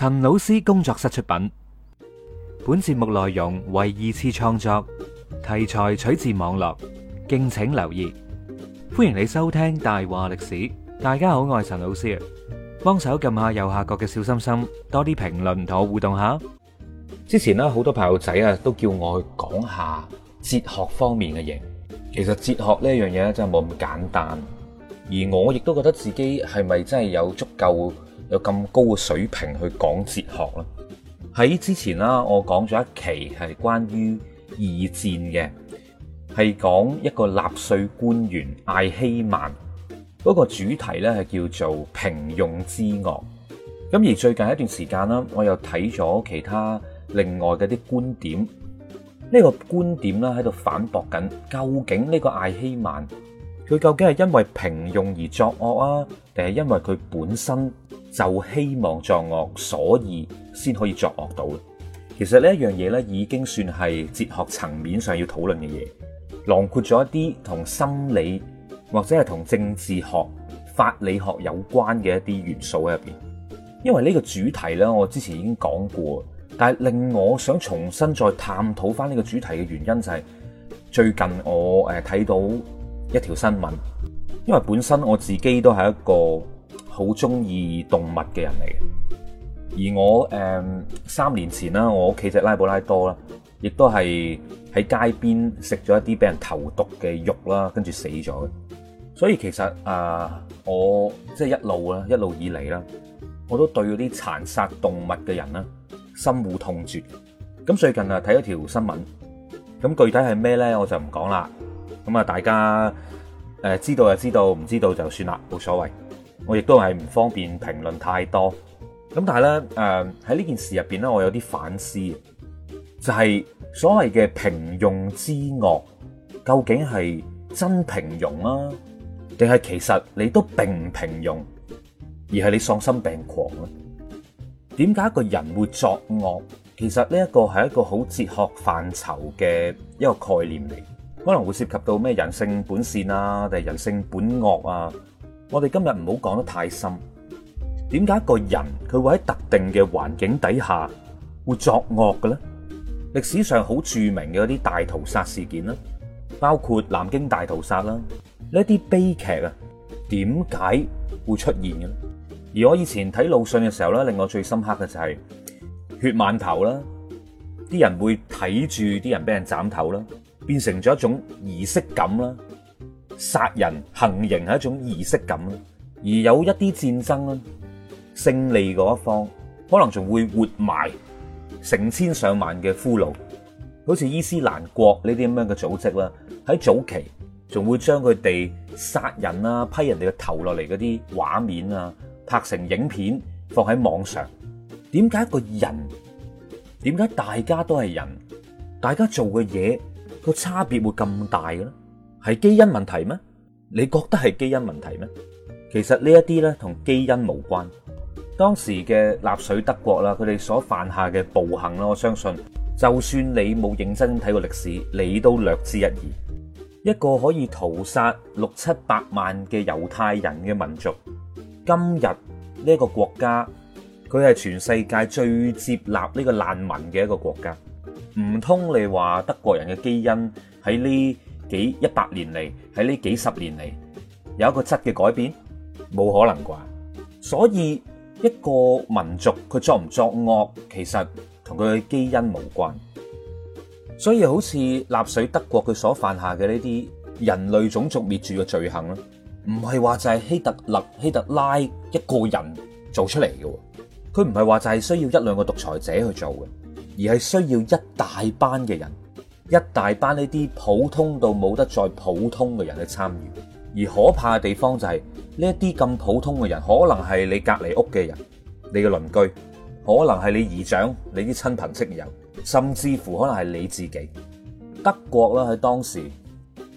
陳老師工作室出品，本節目內容為二次創作，題材取自網絡，敬請留意。歡迎你收聽大話歷史。大家好，我係陳老師，幫手撳下右下角嘅小心心，多啲評論同我互動下。之前呢，好多朋友仔啊都叫我去講下哲學方面嘅嘢，其實哲學呢樣嘢真係冇咁簡單，而我亦都覺得自己係咪真係有足夠有咁高嘅水平去講哲學啦。喺之前啦，我講咗一期係關於二戰嘅，係講一個納粹官員艾希曼嗰，那個主題呢係叫做平庸之惡。咁而最近一段時間啦，我又睇咗其他另外嘅啲觀點，呢，這個觀點呢喺度反駁緊，究竟呢個艾希曼佢究竟係因為平庸而作惡啊，定係因為佢本身？就希望作惡，所以先可以作惡到。其實呢一樣嘢已經算係哲學層面上要討論嘅嘢，囊括咗一啲同心理或者係同政治學、法理學有關嘅一啲元素喺入邊。因為呢個主題呢，我之前已經講過，但係令我想重新再探討翻呢個主題嘅原因就係最近我誒睇到一條新聞，因為本身我自己都係一個好中意動物嘅人嚟嘅，而我誒三、嗯、年前啦，我屋企隻拉布拉多啦，亦都係喺街邊食咗一啲俾人投毒嘅肉啦，跟住死咗。所以其實啊、呃，我即係、就是、一路啦，一路以嚟啦，我都對嗰啲殘殺動物嘅人啦深惡痛絕。咁最近啊，睇咗條新聞，咁具體係咩咧，我就唔講啦。咁啊，大家誒、呃、知道就知道，唔知道就算啦，冇所謂。我亦都係唔方便評論太多，咁但係咧，誒喺呢件事入邊咧，我有啲反思，就係、是、所謂嘅平庸之惡，究竟係真平庸啊，定係其實你都並唔平、平庸，而係你喪心病狂啊？點解一個人會作惡？其實呢一個係一個好哲學範疇嘅一個概念嚟，可能會涉及到咩人性本善啊，定係人性本惡啊？我哋今日唔好講得太深。點解一個人佢會喺特定嘅環境底下會作惡嘅咧？歷史上好著名嘅嗰啲大屠殺事件啦，包括南京大屠殺啦，呢啲悲劇啊，點解會出現嘅咧？而我以前睇魯迅嘅時候咧，令我最深刻嘅就係、是、血饅頭啦，啲人會睇住啲人俾人斬頭啦，變成咗一種儀式感啦。殺人行刑係一種儀式感，而有一啲戰爭咧，勝利嗰一方可能仲會活埋成千上萬嘅俘虜，好似伊斯蘭國呢啲咁樣嘅組織啦，喺早期仲會將佢哋殺人啊、批人哋嘅頭落嚟嗰啲畫面啊，拍成影片放喺網上。點解一個人，點解大家都係人，大家做嘅嘢個差別會咁大嘅咧？係基因問題咩？你覺得係基因問題咩？其實呢一啲呢，同基因無關。當時嘅納粹德國啦，佢哋所犯下嘅暴行啦，我相信就算你冇認真睇過歷史，你都略知一二。一個可以屠殺六七百萬嘅猶太人嘅民族，今日呢個國家，佢係全世界最接納呢個難民嘅一個國家。唔通你話德國人嘅基因喺呢？幾一百年嚟，喺呢幾十年嚟，有一個質嘅改變，冇可能啩。所以一個民族佢作唔作惡，其實同佢嘅基因無關。所以好似納粹德國佢所犯下嘅呢啲人類種族滅絕嘅罪行咧，唔係話就係希特勒希特拉一個人做出嚟嘅，佢唔係話就係需要一兩個獨裁者去做嘅，而係需要一大班嘅人。一大班呢啲普通到冇得再普通嘅人去參與，而可怕嘅地方就係呢一啲咁普通嘅人，可能係你隔離屋嘅人，你嘅鄰居，可能係你姨丈，你啲親朋戚友，甚至乎可能係你自己。德國啦喺當時，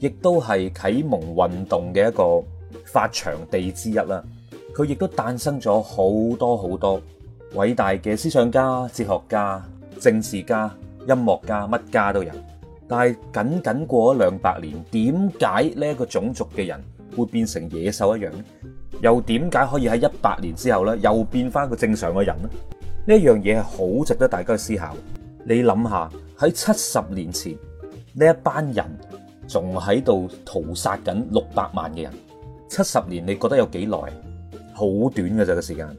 亦都係啟蒙運動嘅一個發祥地之一啦。佢亦都誕生咗好多好多偉大嘅思想家、哲學家、政治家、音樂家，乜家都有。但係僅僅過咗兩百年，點解呢一個種族嘅人會變成野獸一樣咧？又點解可以喺一百年之後呢，又變翻個正常嘅人呢？呢一樣嘢係好值得大家去思考。你諗下喺七十年前呢一班人仲喺度屠殺緊六百萬嘅人，七十年你覺得有幾耐？好短嘅咋個時間？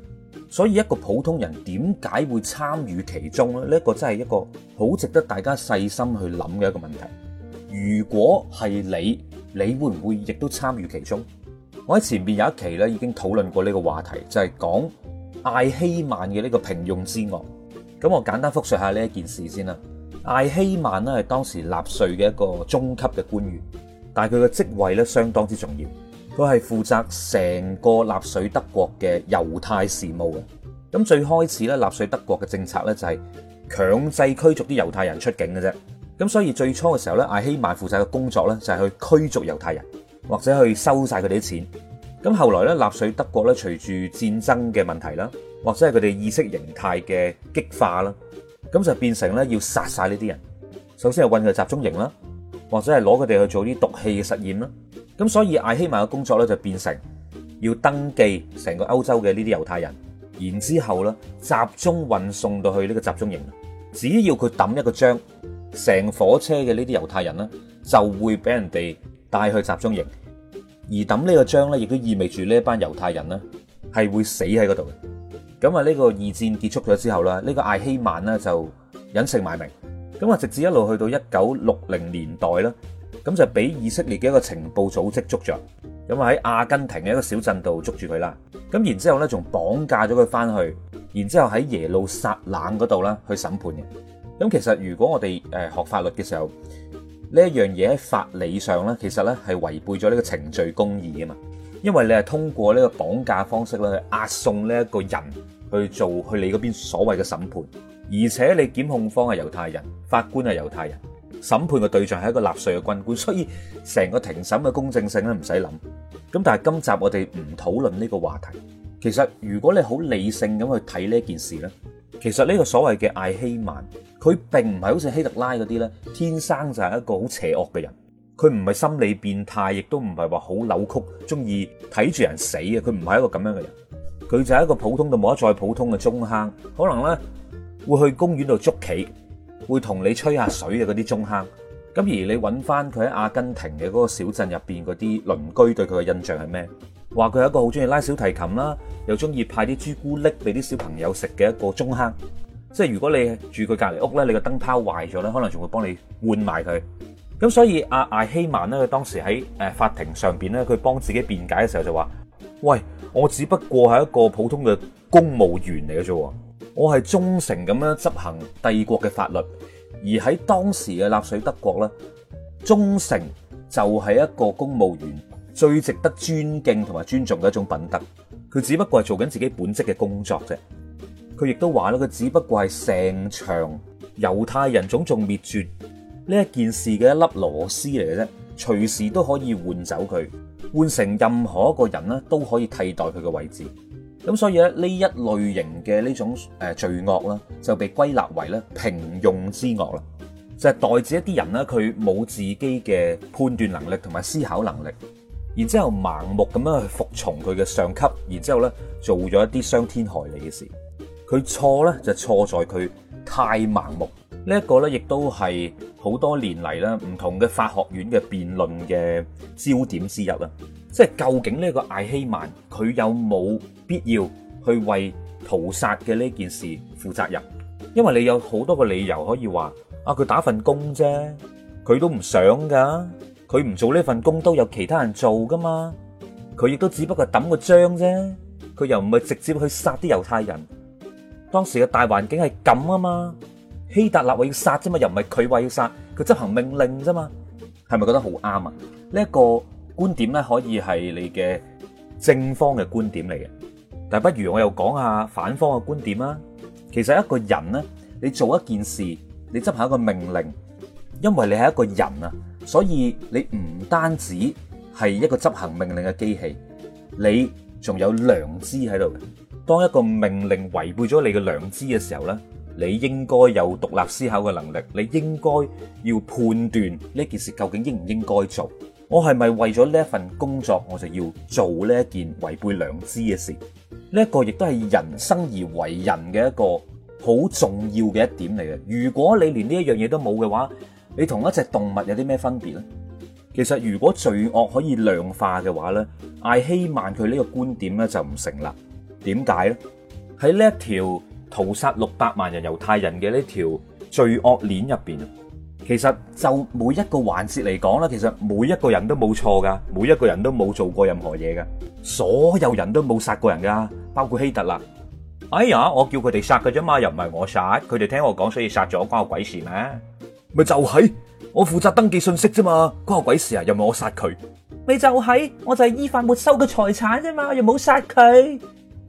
所以一個普通人點解會參與其中呢？呢、這個、一個真係一個好值得大家細心去諗嘅一個問題。如果係你，你會唔會亦都參與其中？我喺前面有一期呢已經討論過呢個話題，就係、是、講艾希曼嘅呢個平庸之惡。咁我簡單複述下呢一件事先啦。艾希曼呢係當時納粹嘅一個中級嘅官員，但係佢嘅職位呢相當之重要。佢係負責成個納粹德國嘅猶太事務嘅。咁最開始咧，納粹德國嘅政策咧就係強制驅逐啲猶太人出境嘅啫。咁所以最初嘅時候咧，艾希曼負責嘅工作咧就係去驅逐猶太人，或者去收曬佢哋啲錢。咁後來咧，納粹德國咧隨住戰爭嘅問題啦，或者係佢哋意識形態嘅激化啦，咁就變成咧要殺曬呢啲人。首先係運入集中營啦，或者係攞佢哋去做啲毒氣嘅實驗啦。咁所以艾希曼嘅工作咧就變成要登記成個歐洲嘅呢啲猶太人，然之後咧集中運送到去呢個集中營，只要佢抌一個章，成火車嘅呢啲猶太人咧就會俾人哋帶去集中營，而抌呢個章咧亦都意味住呢一班猶太人咧係會死喺嗰度嘅。咁啊呢個二戰結束咗之後呢，呢個艾希曼咧就隱姓埋名，咁啊直至一路去到一九六零年代啦。咁就俾以色列嘅一個情報組織捉着，咁啊喺阿根廷嘅一個小鎮度捉住佢啦。咁然之後呢，仲綁架咗佢翻去，然之後喺耶路撒冷嗰度呢去審判嘅。咁其實如果我哋、呃、學法律嘅時候，呢一樣嘢喺法理上呢，其實呢係違背咗呢個程序公義啊嘛。因為你係通過呢個綁架方式咧，去押送呢一個人去做去你嗰邊所謂嘅審判，而且你檢控方係猶太人，法官係猶太人。審判嘅對象係一個納粹嘅軍官，所以成個庭審嘅公正性咧，唔使諗。咁但係今集我哋唔討論呢個話題。其實如果你好理性咁去睇呢一件事咧，其實呢個所謂嘅艾希曼，佢並唔係好似希特拉嗰啲咧，天生就係一個好邪惡嘅人。佢唔係心理變態，亦都唔係話好扭曲，中意睇住人死嘅。佢唔係一個咁樣嘅人，佢就係一個普通到冇得再普通嘅中坑，可能咧會去公園度捉棋。會同你吹下水嘅嗰啲中坑。咁而你揾翻佢喺阿根廷嘅嗰個小鎮入面嗰啲鄰居對佢嘅印象係咩？話佢係一個好中意拉小提琴啦，又中意派啲朱古力俾啲小朋友食嘅一個中坑。即係如果你住佢隔離屋呢，你個燈泡壞咗呢，可能仲會幫你換埋佢。咁所以阿艾希曼呢，佢當時喺誒法庭上面呢，佢幫自己辯解嘅時候就話：「喂，我只不過係一個普通嘅公務員嚟嘅啫喎。我係忠誠咁樣執行帝國嘅法律，而喺當時嘅納粹德國咧，忠誠就係一個公務員最值得尊敬同埋尊重嘅一種品德。佢只不過係做緊自己本職嘅工作啫。佢亦都話啦，佢只不過係成場猶太人種種滅絕呢一件事嘅一粒螺絲嚟嘅啫，隨時都可以換走佢，換成任何一個人咧都可以替代佢嘅位置。咁所以咧呢一類型嘅呢種罪惡啦，就被歸納為平庸之惡啦，就係代指一啲人呢佢冇自己嘅判斷能力同埋思考能力，然之後盲目咁樣去服從佢嘅上級，然之後呢做咗一啲傷天害理嘅事，佢錯呢，就錯在佢太盲目。呢一個呢，亦都係好多年嚟呢唔同嘅法學院嘅辯論嘅焦點之一啦。即係究竟呢個艾希曼佢有冇必要去為屠殺嘅呢件事負責任？因為你有好多個理由可以話：啊，佢打份工啫，佢都唔想噶，佢唔做呢份工都有其他人做噶嘛，佢亦都只不過抌個章啫，佢又唔係直接去殺啲猶太人。當時嘅大環境係咁啊嘛，希特勒話要殺啫嘛，又唔係佢話要殺，佢執行命令啫嘛，係咪覺得好啱啊？呢一個。觀點咧可以係你嘅正方嘅觀點嚟嘅，但係不如我又講下反方嘅觀點啦。其實一個人咧，你做一件事，你執行一個命令，因為你係一個人啊，所以你唔單止係一個執行命令嘅機器，你仲有良知喺度。當一個命令違背咗你嘅良知嘅時候咧，你應該有獨立思考嘅能力，你應該要判斷呢件事究竟應唔應該做。我係咪為咗呢份工作我就要做呢一件違背良知嘅事？呢一個亦都係人生而為人嘅一個好重要嘅一點嚟嘅。如果你連呢一樣嘢都冇嘅話，你同一隻動物有啲咩分別呢？其實如果罪惡可以量化嘅話，呢，艾希曼佢呢個觀點呢就唔成立。點解呢？喺呢一條屠殺六百萬人猶太人嘅呢條罪惡鏈入邊。其實就每一個環節嚟講啦，其實每一個人都冇錯噶，每一個人都冇做過任何嘢噶，所有人都冇殺過人噶，包括希特勒。哎呀，我叫佢哋殺噶啫嘛，又唔係我殺，佢哋聽我講所以殺咗，關我鬼事咩？咪就係我負責登記信息啫嘛，關我鬼事啊？又唔係我殺佢，咪就係我就係依法沒收佢財產啫嘛，又冇殺佢。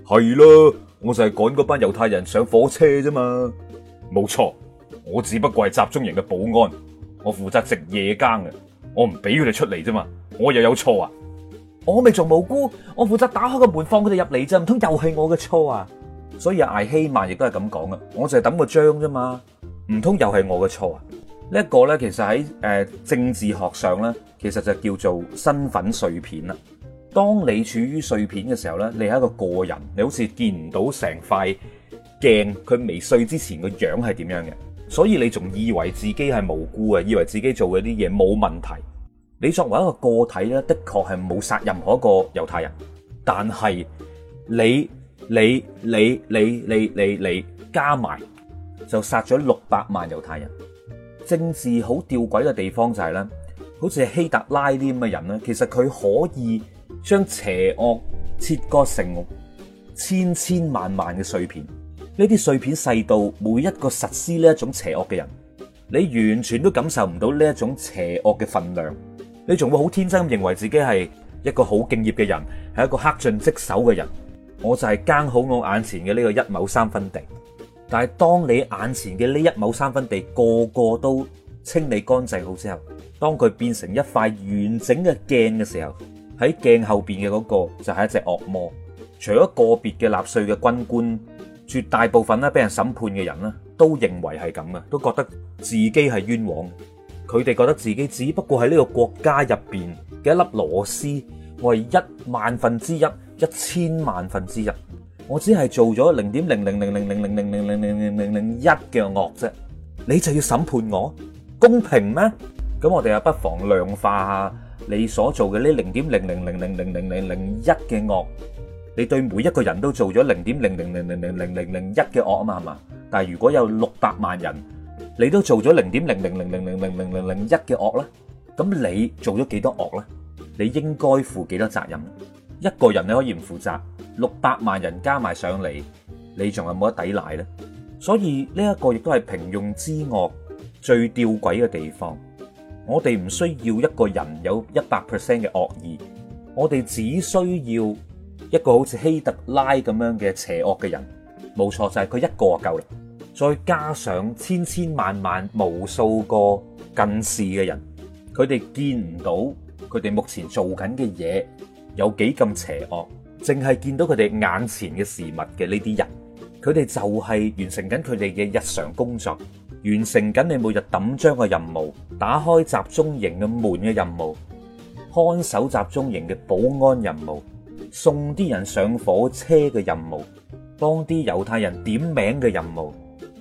係咯，我就係趕嗰班猶太人上火車啫嘛，冇錯。我只不過係集中營嘅保安，我負責值夜更嘅，我唔俾佢哋出嚟啫嘛，我又有錯啊？我未做無辜，我負責打開個門放佢哋入嚟啫，唔通又係我嘅錯啊？所以艾希曼亦都係咁講㗎，我就係等個章啫嘛，唔通又係我嘅錯啊？這個、呢一個呢，其實喺誒、呃、政治學上呢，其實就叫做身份碎片啦。當你處於碎片嘅時候呢，你係一個個人，你好似見唔到成塊鏡佢未碎之前個樣係點樣嘅。所以你仲以為自己係無辜，以為自己做嘅啲嘢冇問題。你作為一個個體呢，的確係冇殺任何一個猶太人，但係你你你你你你你，你加埋就殺咗六百萬猶太人。政治好吊詭嘅地方就係呢，好似希特拉呢啲咁嘅人呢，其實佢可以將邪惡切割成千千萬萬嘅碎片。呢啲碎片細到每一個實施呢一種邪惡嘅人，你完全都感受唔到呢一種邪惡嘅分量，你仲會好天真咁認為自己係一個好敬業嘅人，係一個恪盡職守嘅人。我就係耕好我眼前嘅呢個一畝三分地。但係當你眼前嘅呢一畝三分地個個都清理乾淨好之後，當佢變成一塊完整嘅鏡嘅時候，喺鏡後面嘅嗰個就係一隻惡魔。除咗個別嘅納粹嘅軍官。穿大部分被人審判的人都認為是這樣，都覺得自己是冤枉，他們覺得自己只不過在這個國家裏面的一粒螺絲。我是一萬分之一一千萬分之一，我只是做了0 0000000000001 0你對每一個人都做咗零點零零零零零零零一嘅惡啊嘛，係嘛？但係如果有六百萬人，你都做咗零點零零零零零零零一嘅惡咧，咁你做咗幾多惡咧？你應該負幾多責任？一個人你可以唔負責，六百萬人加埋上嚟，你仲有冇得抵賴咧。所以呢一個亦都係平庸之惡最吊詭嘅地方。我哋唔需要一個人有一百 percent 嘅惡意，我哋只需要。一個好似希特拉咁樣嘅邪惡嘅人，冇錯，就係、是、佢一個就夠啦。再加上千千萬萬無數個近視嘅人，佢哋見唔到佢哋目前做緊嘅嘢有幾咁邪惡，淨係見到佢哋眼前嘅事物嘅呢啲人，佢哋就係完成緊佢哋嘅日常工作，完成緊你每日抌章嘅任務，打開集中營嘅門嘅任務，看守集中營嘅保安任務。送啲人上火車嘅任務，幫啲猶太人點名嘅任務，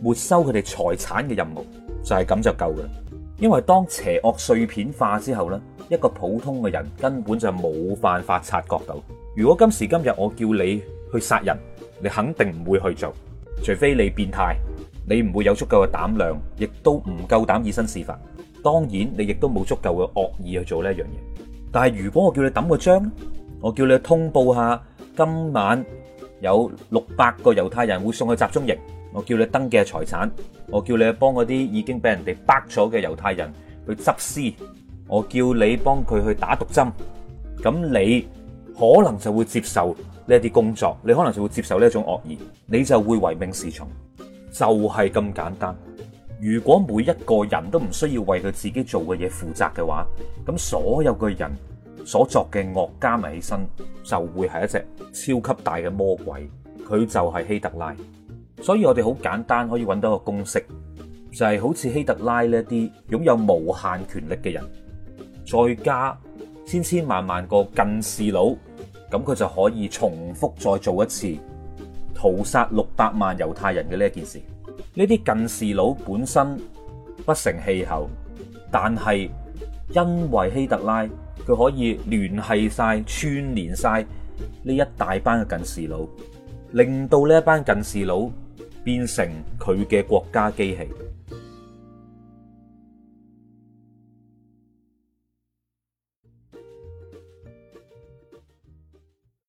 沒收佢哋財產嘅任務，就係咁就夠㗎啦。因為當邪惡碎片化之後咧，一個普通嘅人根本就冇辦法察覺到。如果今時今日我叫你去殺人，你肯定唔會去做，除非你變態，你唔會有足夠嘅膽量，亦都唔夠膽以身試法。當然，你亦都冇足夠嘅惡意去做呢一樣嘢。但係如果我叫你揼個章咧？我叫你通報下今晚有六百個猶太人會送去集中營。我叫你登記財產。我叫你幫嗰啲已經俾人哋剝咗嘅猶太人去執屍。我叫你幫佢去打毒針。咁你可能就會接受呢啲工作，你可能就會接受呢種惡意，你就會唯命是從。就係咁簡單。如果每一個人都唔需要為佢自己做嘅嘢負責嘅話，咁所有嘅人。所作嘅惡加埋起身，就會係一隻超級大嘅魔鬼。佢就係希特拉，所以我哋好簡單可以揾到個公式，就係、是、好似希特拉呢啲擁有無限權力嘅人，再加千千萬萬個近視佬，咁佢就可以重複再做一次屠殺六百萬猶太人嘅呢件事。呢啲近視佬本身不成氣候，但係因為希特拉。佢可以聯繫晒、串連晒呢一大班嘅近視佬，令到呢一班近視佬變成佢嘅國家機器。